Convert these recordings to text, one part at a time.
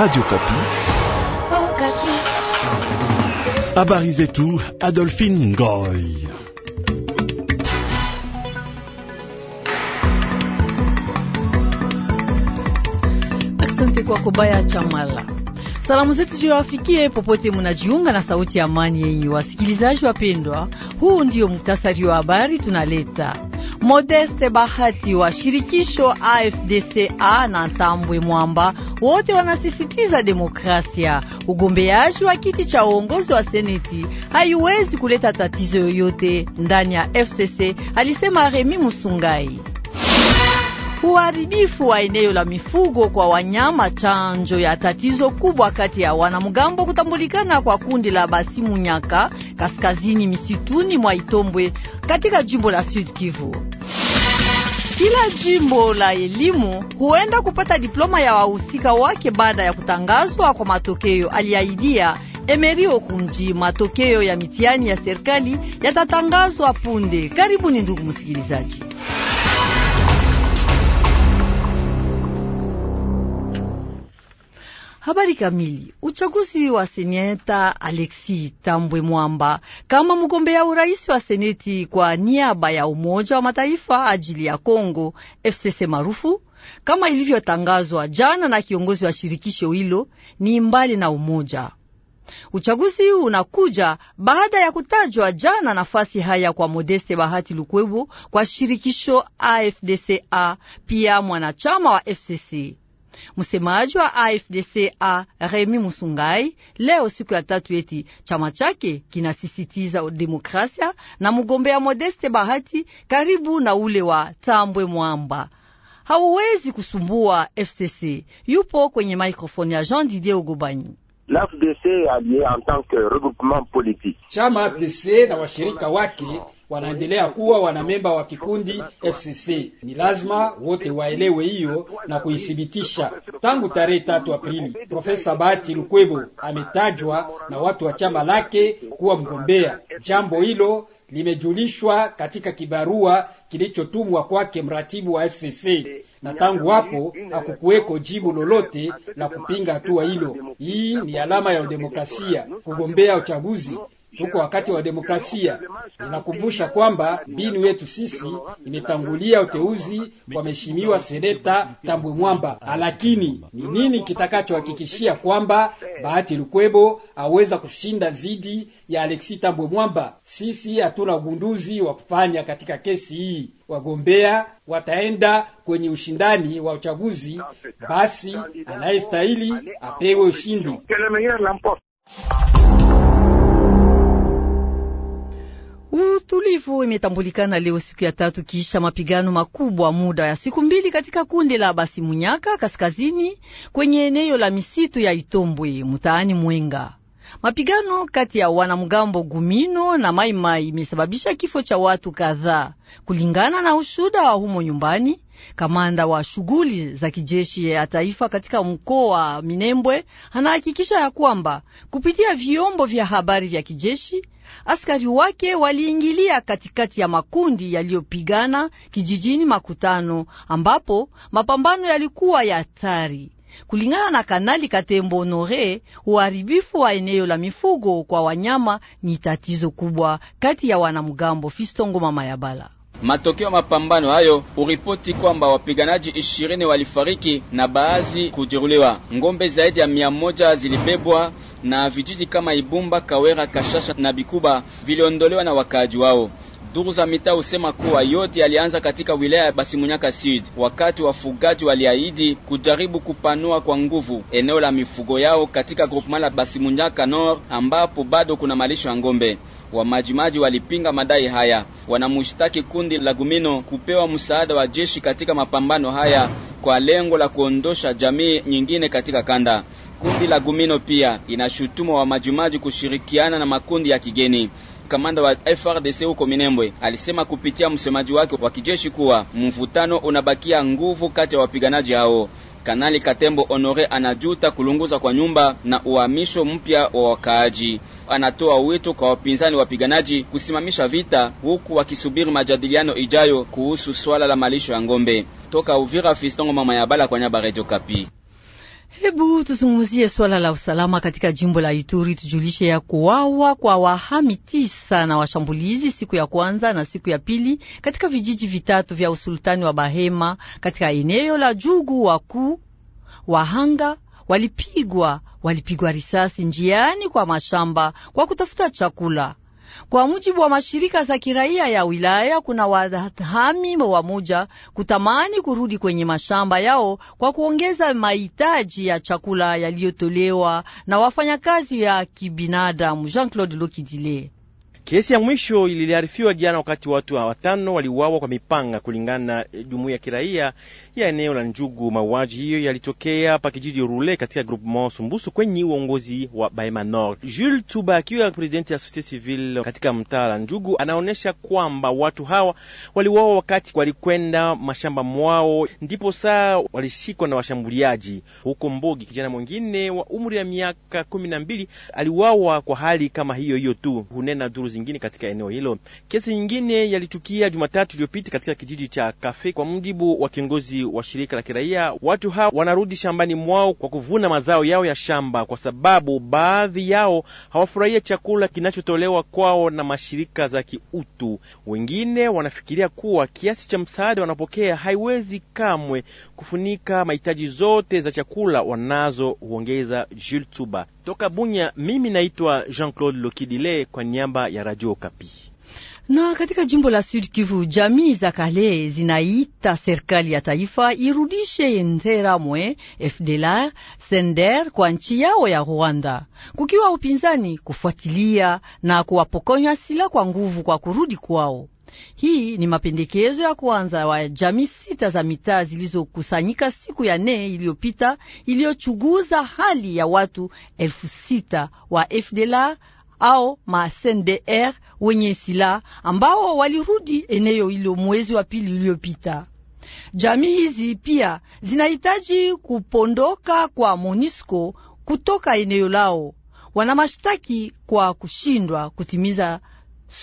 Radio Kapi. Habari zetu Adolphine Ngoy. Asante kwa kubaya chamala. Salamu zetu ziwafikie popote munajiunga na sauti ya amani yenyu, wasikilizaji wapendwa. Huu ndio muktasari wa habari tunaleta. Modeste Bahati wa shirikisho AFDCA na Tambwe Mwamba wote wanasisitiza demokrasia. Ugombeaji wa kiti cha uongozi wa seneti haiwezi kuleta tatizo yoyote ndani ya FCC, alisema Remi Musungai uharibifu wa eneo la mifugo kwa wanyama, chanjo ya tatizo kubwa kati ya wanamgambo kutambulikana kwa kundi la Basimu Nyaka kaskazini misituni mwa Itombwe katika jimbo la Sud Kivu. Kila jimbo la elimu huenda kupata diploma ya wahusika wake baada ya kutangazwa kwa matokeo, aliahidia Emeri Okunji. Matokeo ya mitihani ya serikali yatatangazwa punde. Karibuni ndugu msikilizaji. Habari kamili. Uchaguzi wa seneta Alexi Tambwe Mwamba kama mgombea urais wa seneti kwa niaba ya Umoja wa Mataifa ajili ya Kongo FCC maarufu kama ilivyotangazwa jana na kiongozi wa shirikisho hilo, ni mbali na umoja. Uchaguzi unakuja baada ya kutajwa jana nafasi haya kwa Modeste Bahati Lukwebo kwa shirikisho AFDCA, pia mwanachama wa FCC. Msemaji wa a Remi Musungai leo siku ya tatu eti chama chake kinasisitiza demokrasia na mgombea Modeste Bahati karibu na ule wa Tambwe Mwamba hauwezi kusumbua FCC. Yupo kwenye microphone ya Jean Didier Ogobani. Chama FDC na washirika wake wanaendelea kuwa wanamemba wa kikundi FCC. Ni lazima wote waelewe hiyo na kuithibitisha. Tangu tarehe tatu Aprili, Profesa Bahati Lukwebo ametajwa na watu wa chama lake kuwa mgombea. Jambo hilo limejulishwa katika kibarua kilichotumwa kwake mratibu wa FCC, na tangu hapo hakukuweko jibu lolote la kupinga hatua hilo. Hii ni alama ya demokrasia kugombea uchaguzi tuko wakati wa demokrasia. Ninakumbusha kwamba mbinu yetu sisi imetangulia uteuzi wa mheshimiwa seneta Tambwe Mwamba, lakini ni nini kitakachohakikishia kwamba Bahati Lukwebo aweza kushinda zidi ya Alexi Tambwe Mwamba? Sisi hatuna ugunduzi wa kufanya katika kesi hii. Wagombea wataenda kwenye ushindani wa uchaguzi, basi anayestahili apewe ushindi. utulivu imetambulikana leo siku ya tatu kisha mapigano makubwa muda ya siku mbili katika kundi la Basi Munyaka kaskazini kwenye eneo la misitu ya Itombwe mtaani Mwenga. Mapigano kati ya wanamgambo Gumino na Maimai imesababisha kifo cha watu kadhaa kulingana na ushuda wa humo nyumbani Kamanda wa shughuli za kijeshi ya taifa katika mkoa wa Minembwe anahakikisha ya kwamba kupitia vyombo vya habari vya kijeshi askari wake waliingilia katikati ya makundi yaliyopigana kijijini Makutano, ambapo mapambano yalikuwa ya hatari. Kulingana na Kanali Katembo Honore, uharibifu wa eneo la mifugo kwa wanyama ni tatizo kubwa kati ya wanamgambo. Fistongo mama ya bala Matokeo mapambano hayo uripoti kwamba wapiganaji ishirini walifariki na baadhi kujeruhiwa. Ngombe zaidi ya mia moja zilibebwa na vijiji kama Ibumba, Kawera, Kashasha na Bikuba viliondolewa na wakaaji wao. Duru za mitaa husema kuwa yote yalianza katika wilaya ya Basimunyaka Sud, wakati wafugaji waliahidi kujaribu kupanua kwa nguvu eneo la mifugo yao katika groupement la Basimunyaka Nord, ambapo bado kuna malisho ya ngombe. Wamajimaji walipinga madai haya, wanamshtaki kundi la Gumino kupewa msaada wa jeshi katika mapambano haya kwa lengo la kuondosha jamii nyingine katika kanda. Kundi la Gumino pia inashutumu wamajimaji kushirikiana na makundi ya kigeni kamanda wa FRDC huko Minembwe alisema kupitia msemaji wake wa kijeshi kuwa mvutano unabakia nguvu kati ya wapiganaji hao. Kanali Katembo Honore anajuta kulunguza kwa nyumba na uhamisho mpya wa wakaaji. Anatoa wito kwa wapinzani wapiganaji kusimamisha vita, huku wakisubiri majadiliano ijayo kuhusu swala la malisho ya ngombe. Toka Uvira, Fistongo mama ya bala kwa nyaba, Radio Kapi. Hebu tuzungumzie swala la usalama katika jimbo la Ituri. Tujulishe ya kuwawa kwa wahami tisa na washambulizi siku ya kwanza na siku ya pili katika vijiji vitatu vya usultani wa Bahema katika eneo la Jugu. Wakuu wahanga walipigwa walipigwa risasi njiani kwa mashamba kwa kutafuta chakula. Kwa mujibu wa mashirika za kiraia ya wilaya, kuna wahami wamoja kutamani kurudi kwenye mashamba yao kwa kuongeza mahitaji ya chakula yaliyotolewa na wafanyakazi ya kibinadamu. Jean Claude Lokidile Kesi ya mwisho iliarifiwa jana wakati watu wa watano waliuawa kwa mipanga, kulingana na eh, jumuiya ya kiraia ya eneo la Njugu. Mauaji hiyo yalitokea pa kijiji Rule katika groupement Sumbusu kwenye uongozi wa Baima Nord. Jules Tuba akiwa presidenti ya societe civile katika mtaa la Njugu anaonyesha kwamba watu hawa waliuawa wakati walikwenda mashamba mwao, ndipo saa walishikwa na washambuliaji huko Mbogi. Kijana mwingine wa umri ya miaka kumi na mbili aliuawa kwa hali kama hiyo hiyo tu, hunena duru zingine katika eneo hilo. Kesi nyingine yalitukia Jumatatu iliyopita katika kijiji cha Kafe. Kwa mujibu wa kiongozi wa shirika la kiraia, watu hao wanarudi shambani mwao kwa kuvuna mazao yao ya shamba, kwa sababu baadhi yao hawafurahia chakula kinachotolewa kwao na mashirika za kiutu. Wengine wanafikiria kuwa kiasi cha msaada wanapokea haiwezi kamwe kufunika mahitaji zote za chakula wanazo, huongeza Jules Tuba toka Bunya. Mimi naitwa Jean-Claude Lokidile kwa niaba ya ya Radio Okapi. Na katika jimbo la Sud Kivu, jamii za kale zinaita serikali ya taifa irudishe Nteramwe, FDLR, Sender kwa nchi yao ya Rwanda, kukiwa upinzani kufuatilia na kuwapokonywa silaha kwa nguvu kwa kurudi kwao. Hii ni mapendekezo ya kwanza wa jamii sita za mitaa zilizokusanyika siku ya nne iliyopita iliyochunguza hali ya watu elfu sita wa FDLR au ma-SNDR wenye silaha ambao walirudi eneo hilo mwezi wa pili uliopita. Jamii hizi pia zinahitaji kupondoka kwa MONUSCO kutoka eneo lao. Wana mashtaki kwa kushindwa kutimiza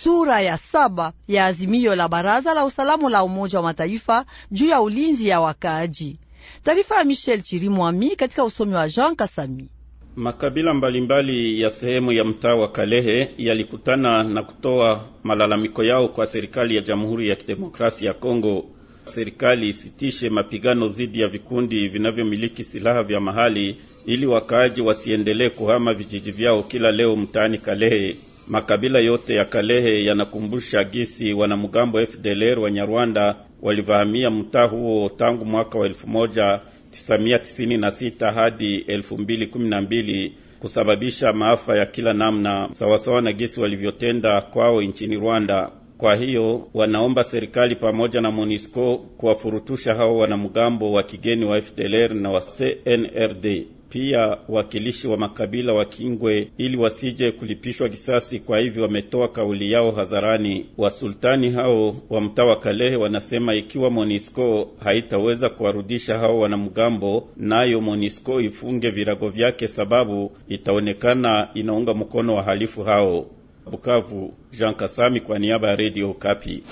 sura ya saba ya azimio la Baraza la Usalama la Umoja wa Mataifa juu ya ulinzi ya wakaaji. Taarifa ya Michel Chirimwami katika usomi wa Jean Kasami. Makabila mbalimbali ya sehemu ya mtaa wa Kalehe yalikutana na kutoa malalamiko yao kwa serikali ya Jamhuri ya Kidemokrasia ya Kongo. Serikali isitishe mapigano dhidi ya vikundi vinavyomiliki silaha vya mahali ili wakaaji wasiendelee kuhama vijiji vyao kila leo mtaani Kalehe. Makabila yote ya Kalehe yanakumbusha gisi wanamgambo FDLR wa Nyarwanda walivahamia mtaa huo tangu mwaka wa elfu moja 1996 hadi 2012 kusababisha maafa ya kila namna sawasawa na gesi walivyotenda kwao nchini Rwanda. Kwa hiyo wanaomba serikali pamoja na MONUSCO kuwafurutusha hao wanamgambo wa kigeni wa FDLR na wa CNRD pia wakilishi wa makabila wa kingwe ili wasije kulipishwa kisasi. Kwa hivyo wametoa kauli yao hadharani. Wasultani hao wa mtaa wa Kalehe wanasema ikiwa Monisco haitaweza kuwarudisha hao wanamgambo, nayo Monisco ifunge virago vyake, sababu itaonekana inaunga mkono wahalifu hao. Bukavu, Jean Kasami kwa niaba ya Radio Kapi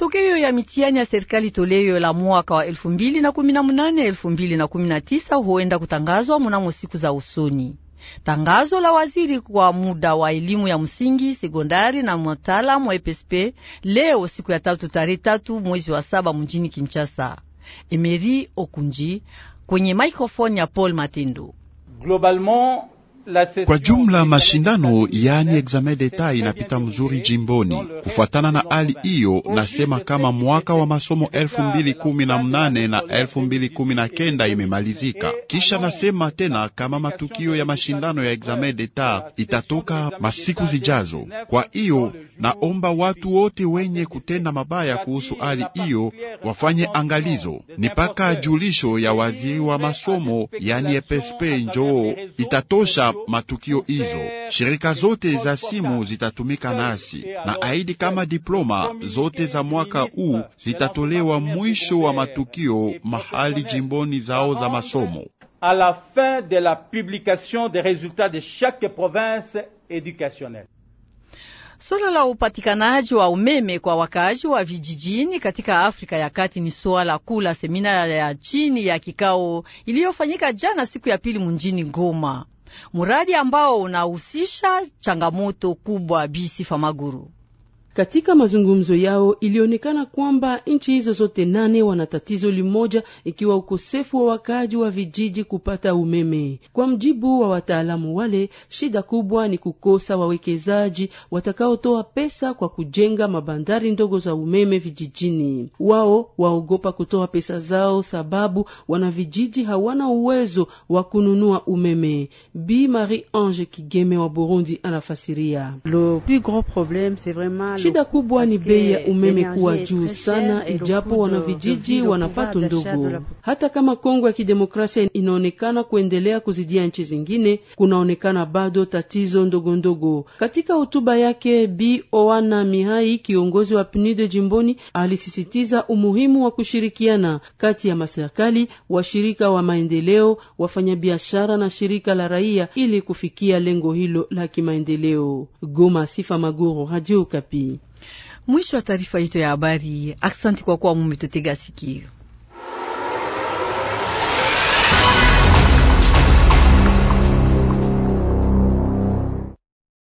matokeo ya mitihani ya serikali toleo la mwaka wa 2018 2019 huenda kutangazwa mnamo siku za usoni. Tangazo la waziri kwa muda wa elimu ya msingi, sekondari na mtaalamu wa EPSP leo siku ya tatu tarehe tatu mwezi wa saba mjini Kinshasa. Emery Okunji kwenye maikrofoni ya Paul Matendo. Globalement kwa jumla mashindano yaani examen d'etat inapita mzuri jimboni. Kufuatana na hali hiyo, nasema kama mwaka wa masomo 2018 na 2019 imemalizika. Kisha nasema tena kama matukio ya mashindano ya examen d'etat itatoka masiku zijazo. Kwa hiyo naomba watu wote wenye kutenda mabaya kuhusu hali hiyo wafanye angalizo, ni mpaka julisho ya waziri wa masomo yaani EPSP njoo itatosha matukio hizo. Shirika zote za simu zitatumika nasi na aidi kama diploma zote za mwaka huu zitatolewa mwisho wa matukio mahali jimboni zao za masomo. À la fin de la publication des résultats de chaque province éducationnelle. Suala la upatikanaji wa umeme kwa wakaaji wa vijijini katika Afrika ya Kati ni suala kuu la semina ya chini ya kikao iliyofanyika jana siku ya pili mjini Goma muradi ambao unahusisha changamoto kubwa bisi Famaguru. Katika mazungumzo yao ilionekana kwamba nchi hizo zote nane wana tatizo limoja, ikiwa ukosefu wa wakaaji wa vijiji kupata umeme. Kwa mjibu wa wataalamu wale, shida kubwa ni kukosa wawekezaji watakaotoa pesa kwa kujenga mabandari ndogo za umeme vijijini. Wao waogopa kutoa pesa zao sababu wana vijiji hawana uwezo wa kununua umeme. Bi Marie Ange Kigeme wa Burundi anafasiria Shida kubwa ni bei ya umeme kuwa juu sana, ijapo wanavijiji wanapato ndogo. Hata kama Kongo ya Kidemokrasia inaonekana kuendelea kuzidia nchi zingine, kunaonekana bado tatizo ndogo ndogo. Katika hotuba yake, Bi Oana Mihai, kiongozi wa PNUD jimboni, alisisitiza umuhimu wa kushirikiana kati ya maserikali, washirika wa maendeleo, wafanyabiashara na shirika la raia ili kufikia lengo hilo la kimaendeleo. Goma, Sifa Maguru, Radio Kapi. Mwisho wa taarifa yetu ya habari. Aksanti kwa kuwa mumetutega sikio.